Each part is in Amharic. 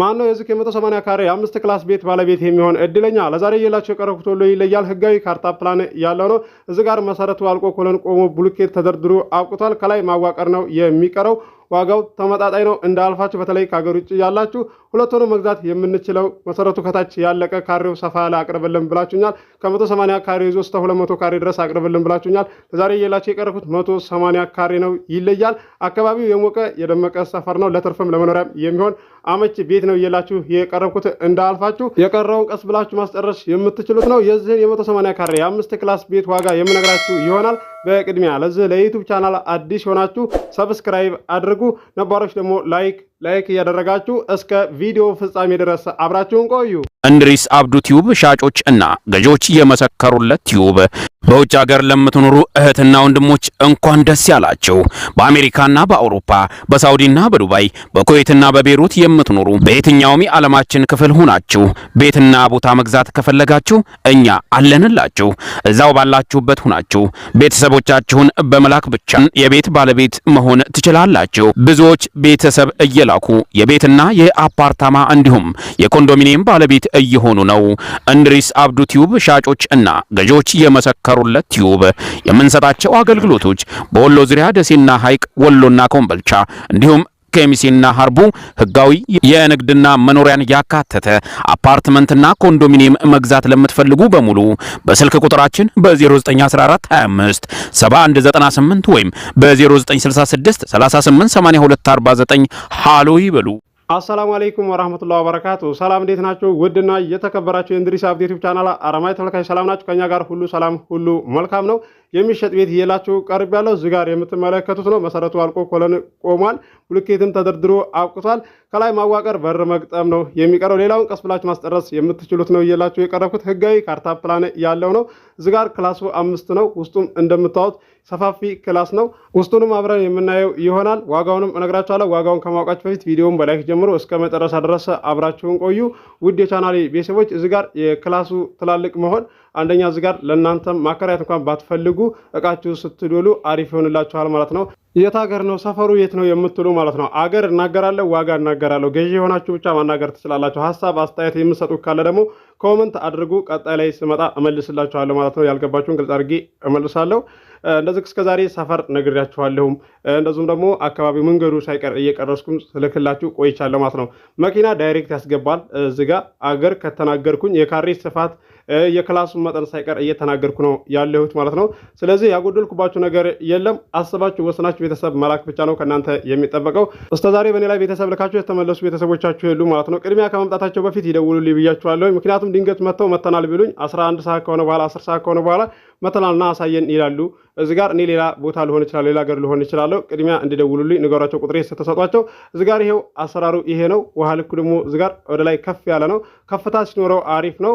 ማን ነው የዚህ ከመቶ 80 ካሬ አምስት ክላስ ቤት ባለቤት የሚሆን እድለኛ? ለዛሬ የላቸው የቀረብኩት ሁሉ ይለያል ህጋዊ ካርታ ፕላን ያለው ነው። እዚህ ጋር መሰረቱ አልቆ ኮለን ቆሞ ብሎኬት ተደርድሮ አብቅቷል። ከላይ ማዋቀር ነው የሚቀረው። ዋጋው ተመጣጣኝ ነው እንዳልፋችሁ፣ በተለይ ከሀገር ውጭ ያላችሁ ሁለቱንም መግዛት የምንችለው መሰረቱ ከታች ያለቀ ካሬው ሰፋ ያለ አቅርብልን ብላችሁኛል። ከመቶ ሰማንያ ካሬ ይዞ እስከ ሁለት መቶ ካሬ ድረስ አቅርብልን ብላችሁኛል። ለዛሬ የላቸው የቀረፉት መቶ ሰማንያ ካሬ ነው። ይለያል። አካባቢው የሞቀ የደመቀ ሰፈር ነው። ለትርፍም ለመኖሪያም የሚሆን አመች ቤት ነው እየላችሁ የቀረብኩት እንዳልፋችሁ የቀረውን ቀስ ብላችሁ ማስጨረስ የምትችሉት ነው። የዚህን የመቶ ሰማንያ ካሬ የአምስት ክላስ ቤት ዋጋ የምነግራችሁ ይሆናል። በቅድሚያ ለዚህ ለዩቱብ ቻናል አዲስ የሆናችሁ ሰብስክራይብ አድርጉ፣ ነባሮች ደግሞ ላይክ ላይክ እያደረጋችሁ እስከ ቪዲዮ ፍጻሜ ድረስ አብራችሁን ቆዩ። እንድሪስ አብዱ ቲዩብ ሻጮች እና ገዢዎች የመሰከሩለት ቲዩብ። በውጭ ሀገር ለምትኖሩ እህትና ወንድሞች እንኳን ደስ ያላችሁ። በአሜሪካና በአውሮፓ በሳውዲና በዱባይ በኩዌትና በቤሩት የምትኖሩ በየትኛውም የዓለማችን ክፍል ሁናችሁ ቤትና ቦታ መግዛት ከፈለጋችሁ እኛ አለንላችሁ። እዛው ባላችሁበት ሁናችሁ ቤተሰቦቻችሁን በመላክ ብቻ የቤት ባለቤት መሆን ትችላላችሁ። ብዙዎች ቤተሰብ እየላኩ የቤትና የአፓርታማ እንዲሁም የኮንዶሚኒየም ባለቤት እየሆኑ ነው። እንድሪስ አብዱ ቲዩብ ሻጮች እና ገዢዎች የመሰከሩለት ቲዩብ የምንሰጣቸው አገልግሎቶች በወሎ ዙሪያ ደሴና ሐይቅ፣ ወሎና ኮምበልቻ እንዲሁም ኬሚሴና ሀርቡ ህጋዊ የንግድና መኖሪያን ያካተተ አፓርትመንትና ኮንዶሚኒየም መግዛት ለምትፈልጉ በሙሉ በስልክ ቁጥራችን በ091425 7198 ወይም በ0966 ሃሎ ይበሉ። አሰላሙ አለይኩም ወራህመቱላሂ ወበረካቱ። ሰላም እንዴት ናችሁ? ውድና የተከበራችሁ የእንድሪስ አብዴ ዩቲዩብ ቻናል አረማይ ተመልካች ሰላም ናችሁ? ከኛ ጋር ሁሉ ሰላም ሁሉ መልካም ነው። የሚሸጥ ቤት እየላችሁ ቀርብ ያለው እዚህ ጋር የምትመለከቱት ነው። መሰረቱ አልቆ ኮለን ቆሟል። ብሎኬትም ተደርድሮ አብቅቷል። ከላይ ማዋቀር በር መግጠም ነው የሚቀረው። ሌላውን ቀስ ብላችሁ ማስጨረስ የምትችሉት ነው እየላችሁ የቀረብኩት። ህጋዊ ካርታ ፕላን ያለው ነው። እዚህ ጋር ክላሱ አምስት ነው። ውስጡም እንደምታዩት ሰፋፊ ክላስ ነው። ውስጡንም አብረን የምናየው ይሆናል። ዋጋውንም እነግራችኋለሁ። ዋጋውን ከማውቃችሁ በፊት ቪዲዮውን በላይክ ጀምሮ እስከ መጨረሻ ድረስ አብራችሁን ቆዩ። ውድ የቻናሌ ቤተሰቦች እዚህ ጋር የክላሱ ትላልቅ መሆን አንደኛ እዚህ ጋር ለእናንተ ማከራየት እንኳን ባትፈልጉ እቃችሁ ስትዶሉ አሪፍ ይሆንላችኋል ማለት ነው። የት ሀገር ነው ሰፈሩ የት ነው የምትሉ ማለት ነው። አገር እናገራለሁ፣ ዋጋ እናገራለሁ። ገዢ የሆናችሁ ብቻ ማናገር ትችላላችሁ። ሀሳብ አስተያየት የምሰጡ ካለ ደግሞ ኮመንት አድርጉ። ቀጣይ ላይ ስመጣ እመልስላችኋለሁ ማለት ነው። ያልገባችሁን ግልጽ አድርጌ እመልሳለሁ። እንደዚህ እስከዛሬ ሰፈር ነግሬያችኋለሁም እንደዚሁም ደግሞ አካባቢ መንገዱ ሳይቀር እየቀረስኩም ስልክላችሁ ቆይቻለሁ ማለት ነው። መኪና ዳይሬክት ያስገባል። እዚጋ አገር ከተናገርኩኝ የካሬ ስፋት የክላሱን መጠን ሳይቀር እየተናገርኩ ነው ያለሁት ማለት ነው። ስለዚህ ያጎደልኩባችሁ ነገር የለም። አስባችሁ ወስናችሁ ቤተሰብ መላክ ብቻ ነው ከእናንተ የሚጠበቀው። እስከዛሬ በእኔ ላይ ቤተሰብ ልካችሁ የተመለሱ ቤተሰቦቻችሁ የሉ ማለት ነው። ቅድሚያ ከመምጣታቸው በፊት ይደውሉልኝ ብያችኋለሁ። ምክንያቱም ምክንያቱም ድንገት መጥተው መተናል ቢሉኝ አስራ ሰዓት ከሆነ በኋላ አስር ሰዓት ከሆነ በኋላ መተናልና አሳየን ይላሉ። እዚ ጋር እኔ ሌላ ቦታ ልሆን ይችላል ሌላ ሀገር ልሆን ይችላለሁ። ቅድሚያ እንዲደውሉልኝ ንገሯቸው፣ ቁጥሬ ስትሰጧቸው። እዚ ጋር ይሄው አሰራሩ ይሄ ነው። ውሃ ልኩ ደግሞ እዚ ጋር ወደ ላይ ከፍ ያለ ነው። ከፍታ ሲኖረው አሪፍ ነው።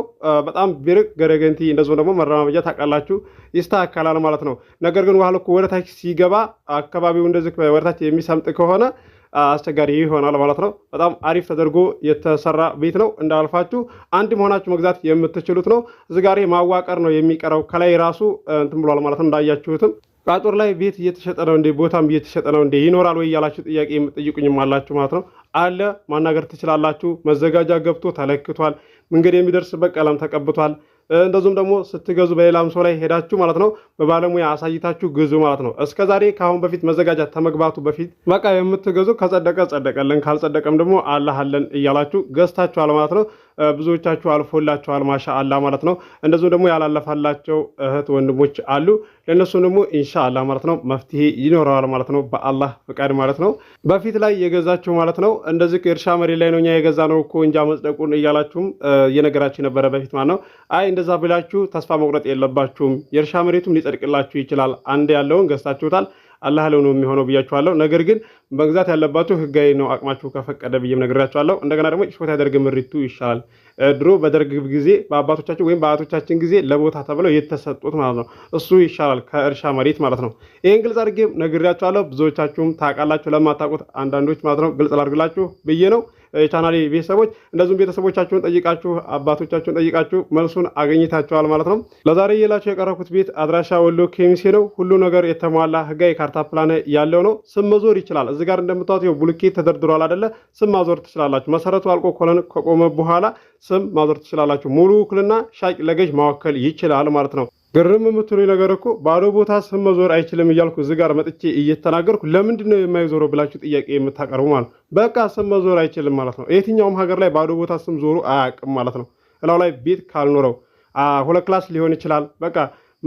በጣም ቢርቅ ገረገንቲ፣ እንደዚሁም ደግሞ መረማመጃ ታውቃላችሁ፣ ይስተካከላል ማለት ነው። ነገር ግን ውሃ ልኩ ወደታች ሲገባ አካባቢው እንደዚህ ወደታች የሚሰምጥ ከሆነ አስቸጋሪ ይሆናል ማለት ነው። በጣም አሪፍ ተደርጎ የተሰራ ቤት ነው። እንዳልፋችሁ አንድ መሆናችሁ መግዛት የምትችሉት ነው። እዚህ ጋር ማዋቀር ነው የሚቀረው። ከላይ ራሱ እንትን ብሏል ማለት ነው እንዳያችሁትም ቃጦር ላይ ቤት እየተሸጠ ነው እንዴ? ቦታም እየተሸጠ ነው እንዴ? ይኖራል ወይ እያላችሁ ጥያቄ የምትጠይቁኝም አላችሁ ማለት ነው። አለ ማናገር ትችላላችሁ። መዘጋጃ ገብቶ ተለክቷል። መንገድ የሚደርስበት ቀለም ተቀብቷል። እንደዚሁም ደግሞ ስትገዙ በሌላም ሰው ላይ ሄዳችሁ ማለት ነው በባለሙያ አሳይታችሁ ግዙ ማለት ነው። እስከ ዛሬ ከአሁን በፊት መዘጋጃት ተመግባቱ በፊት በቃ የምትገዙ ከጸደቀ ጸደቀልን፣ ካልጸደቀም ደግሞ አላህለን እያላችሁ ገዝታችኋል ማለት ነው። ብዙዎቻችሁ አልፎላችኋል አላ ማለት ነው። እንደዚሁም ደግሞ ያላለፋላቸው እህት ወንድሞች አሉ። ለእነሱም ደግሞ አላ ማለት ነው መፍትሄ ይኖረዋል ማለት ነው፣ በአላህ ፍቃድ ማለት ነው። በፊት ላይ የገዛችሁ ማለት ነው እንደዚህ እርሻ መሬት ላይ ነው እኛ የገዛ ነው እኮ እንጃ መጽደቁን እያላችሁም እየነገራችሁ ነበረ በፊት ማለት ነው። አይ እንደዛ ብላችሁ ተስፋ መቁረጥ የለባችሁም። የእርሻ መሬቱም ሊጸድቅላችሁ ይችላል። አንድ ያለውን ገዝታችሁታል አላህ ለው ነው የሚሆነው ብያችኋለሁ። ነገር ግን መግዛት ያለባችሁ ህጋዊ ነው አቅማችሁ ከፈቀደ ብዬም ነግራችኋለሁ። እንደገና ደግሞ ሾት ያደርግ ምሪቱ ይሻላል። ድሮ በደርግ ጊዜ በአባቶቻችን ወይም በአያቶቻችን ጊዜ ለቦታ ተብለው የተሰጡት ማለት ነው። እሱ ይሻላል ከእርሻ መሬት ማለት ነው። ይህን ግልጽ አድርጌም ነግራችኋለሁ። ብዙዎቻችሁም ታውቃላችሁ፣ ለማታውቁት አንዳንዶች ማለት ነው ግልጽ ላድርግላችሁ ብዬ ነው። የቻናሊ ቤተሰቦች እንደዚሁም ቤተሰቦቻችሁን ጠይቃችሁ አባቶቻችሁን ጠይቃችሁ መልሱን አገኝታችኋል ማለት ነው። ለዛሬ የላቸው የቀረብኩት ቤት አድራሻ ወሎ ኬሚሴ ነው። ሁሉ ነገር የተሟላ ህጋዊ ካርታ ፕላን ያለው ነው። ስም መዞር ይችላል። እዚህ ጋር እንደምታዩት ቡልኬት ተደርድሯል አደለ? ስም ማዞር ትችላላችሁ። መሰረቱ አልቆ ኮለን ከቆመ በኋላ ስም ማዞር ትችላላችሁ። ሙሉ ውክልና ሻጭ ለገዥ ማወከል ይችላል ማለት ነው። ግርም የምትሉኝ ነገር እኮ ባዶ ቦታ ስም መዞር አይችልም እያልኩ እዚህ ጋር መጥቼ እየተናገርኩ ለምንድን ነው የማይዞረው ብላችሁ ጥያቄ የምታቀርቡ ማለት ነው። በቃ ስም መዞር አይችልም ማለት ነው። የትኛውም ሀገር ላይ ባዶ ቦታ ስም ዞሩ አያውቅም ማለት ነው። እላው ላይ ቤት ካልኖረው ሁለት ክላስ ሊሆን ይችላል። በቃ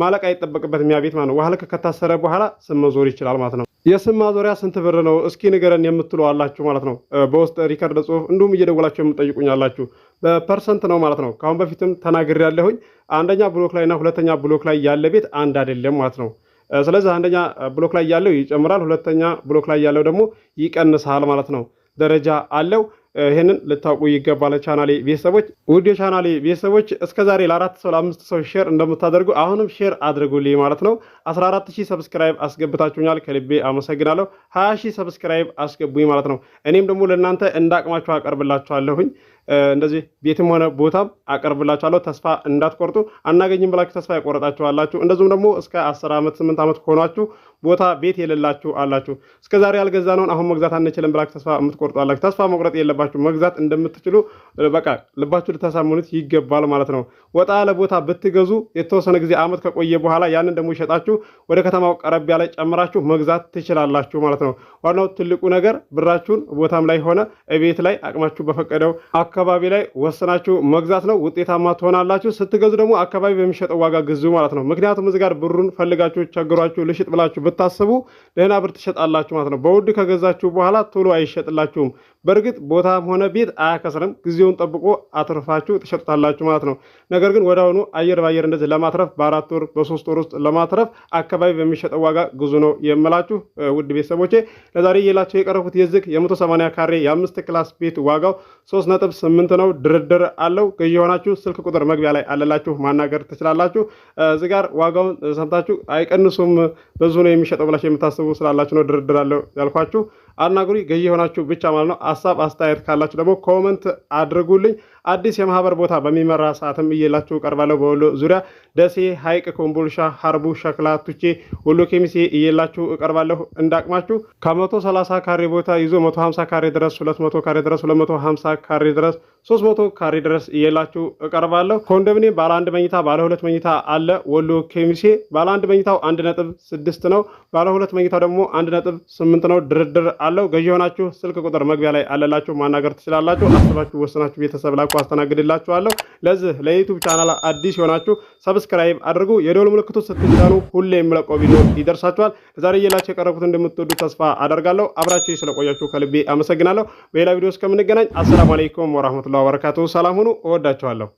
ማለቅ አይጠበቅበት ሚያ ቤት ማለት ነው። ዋህልክ ከታሰረ በኋላ ስም መዞር ይችላል ማለት ነው። የስም ማዞሪያ ስንት ብር ነው እስኪ ንገረን የምትሉ አላችሁ ማለት ነው። በውስጥ ሪከርድ ጽሁፍ እንዲሁም እየደወላችሁ የምጠይቁኝ አላችሁ። በፐርሰንት ነው ማለት ነው። ከአሁን በፊትም ተናግሬ ያለሁኝ አንደኛ ብሎክ ላይ እና ሁለተኛ ብሎክ ላይ ያለ ቤት አንድ አይደለም ማለት ነው። ስለዚህ አንደኛ ብሎክ ላይ ያለው ይጨምራል፣ ሁለተኛ ብሎክ ላይ ያለው ደግሞ ይቀንሳል ማለት ነው። ደረጃ አለው። ይህንን ልታውቁ ይገባል። ቻናሌ ቤተሰቦች፣ ውድ የቻናሌ ቤተሰቦች ዛሬ ለአራት ሰው ለአምስት ሰው ሼር እንደምታደርጉ አሁንም ሼር አድርጉልኝ ማለት ነው። 14 ሺህ ሰብስክራይብ አስገብታችሁኛል፣ ከልቤ አመሰግናለሁ። 20 ሺህ ሰብስክራይብ አስገቡኝ ማለት ነው። እኔም ደግሞ ለእናንተ እንዳቅማችሁ አቀርብላችኋለሁኝ። እንደዚህ ቤትም ሆነ ቦታም አቀርብላችኋለሁ። ተስፋ እንዳትቆርጡ። አናገኝም ብላችሁ ተስፋ የቆረጣችኋላችሁ፣ እንደዚሁም ደግሞ እስከ አስር ዓመት ስምንት ዓመት ከሆኗችሁ ቦታ ቤት የሌላችሁ አላችሁ። እስከ ዛሬ ያልገዛነውን አሁን መግዛት አንችልም ብላችሁ ተስፋ የምትቆርጡ አላችሁ። ተስፋ መቁረጥ የለባችሁ። መግዛት እንደምትችሉ በቃ ልባችሁ ልታሳምኑት ይገባል ማለት ነው። ወጣ ያለ ቦታ ብትገዙ የተወሰነ ጊዜ ዓመት ከቆየ በኋላ ያንን ደግሞ ይሸጣችሁ ወደ ከተማው ቀረብ ያለ ጨምራችሁ መግዛት ትችላላችሁ ማለት ነው። ዋናው ትልቁ ነገር ብራችሁን ቦታም ላይ ሆነ ቤት ላይ አቅማችሁ በፈቀደው አካባቢ ላይ ወሰናችሁ መግዛት ነው። ውጤታማ ትሆናላችሁ። ስትገዙ ደግሞ አካባቢ በሚሸጠው ዋጋ ግዙ ማለት ነው። ምክንያቱም እዚህ ጋር ብሩን ፈልጋችሁ ቸግሯችሁ ልሽጥ ብላችሁ ብታስቡ ደህና ብር ትሸጣላችሁ ማለት ነው። በውድ ከገዛችሁ በኋላ ቶሎ አይሸጥላችሁም። በእርግጥ ቦታም ሆነ ቤት አያከስርም። ጊዜውን ጠብቆ አትርፋችሁ ትሸጡታላችሁ ማለት ነው። ነገር ግን ወደ አሁኑ አየር በአየር እንደዚህ ለማትረፍ በአራት ወር በሶስት ወር ውስጥ ለማትረፍ አካባቢ በሚሸጠው ዋጋ ግዙ ነው የምላችሁ ውድ ቤተሰቦቼ። ለዛሬ የላቸው የቀረቡት የዝግ የ180 ካሬ የአምስት ክላስ ቤት ዋጋው 3.8 ነው። ድርድር አለው። ገዢ የሆናችሁ ስልክ ቁጥር መግቢያ ላይ አለላችሁ ማናገር ትችላላችሁ። እዚህ ጋር ዋጋውን ሰምታችሁ አይቀንሱም በዙ ነው የሚሸጠው ብላችሁ የምታስቡ ስላላችሁ ነው ድርድር አለው ያልኳችሁ። አናግሩኝ። ገዢ የሆናችሁ ብቻ ማለት ነው። ሀሳብ አስተያየት ካላችሁ ደግሞ ኮመንት አድርጉልኝ። አዲስ የማህበር ቦታ በሚመራ ሰዓትም እየላችሁ ቀርባለሁ። በወሎ ዙሪያ ደሴ፣ ሀይቅ፣ ኮምቦልሻ፣ ሀርቡ፣ ሸክላ፣ ቱቼ፣ ወሎ ኬሚሴ እየላችሁ እቀርባለሁ። እንዳቅማችሁ ከመቶ ሰላሳ ካሬ ቦታ ይዞ መቶ ሀምሳ ካሬ ድረስ ሁለት መቶ ካሬ ድረስ ሁለት መቶ ሀምሳ ካሬ ድረስ ሶስት መቶ ካሬ ድረስ እየላችሁ እቀርባለሁ። ኮንዶሚኒየም ባለ አንድ መኝታ ባለ ሁለት መኝታ አለ። ወሎ ኬሚሴ ባለ አንድ መኝታው አንድ ነጥብ ስድስት ነው። ባለ ሁለት መኝታው ደግሞ አንድ ነጥብ ስምንት ነው። ድርድር አለው። ገዢ የሆናችሁ ስልክ ቁጥር መግቢያ ላይ አለላችሁ ማናገር ትችላላችሁ። አስባችሁ ወስናችሁ ቤተሰብ ላኩ። መልኩ አስተናግድላችኋለሁ። ለዚህ ለዩቱብ ቻናል አዲስ የሆናችሁ ሰብስክራይብ አድርጉ። የደወል ምልክቱ ስትጫኑ ሁሌ የሚለቀው ቪዲዮ ይደርሳችኋል። ዛሬ እየላችሁ የቀረብኩት እንደምትወዱ ተስፋ አደርጋለሁ። አብራችሁ ስለቆያችሁ ከልቤ አመሰግናለሁ። በሌላ ቪዲዮ እስከምንገናኝ አሰላሙ አለይኩም ወራህመቱላሂ ወበረካቱሁ። ሰላም ሁኑ። እወዳችኋለሁ።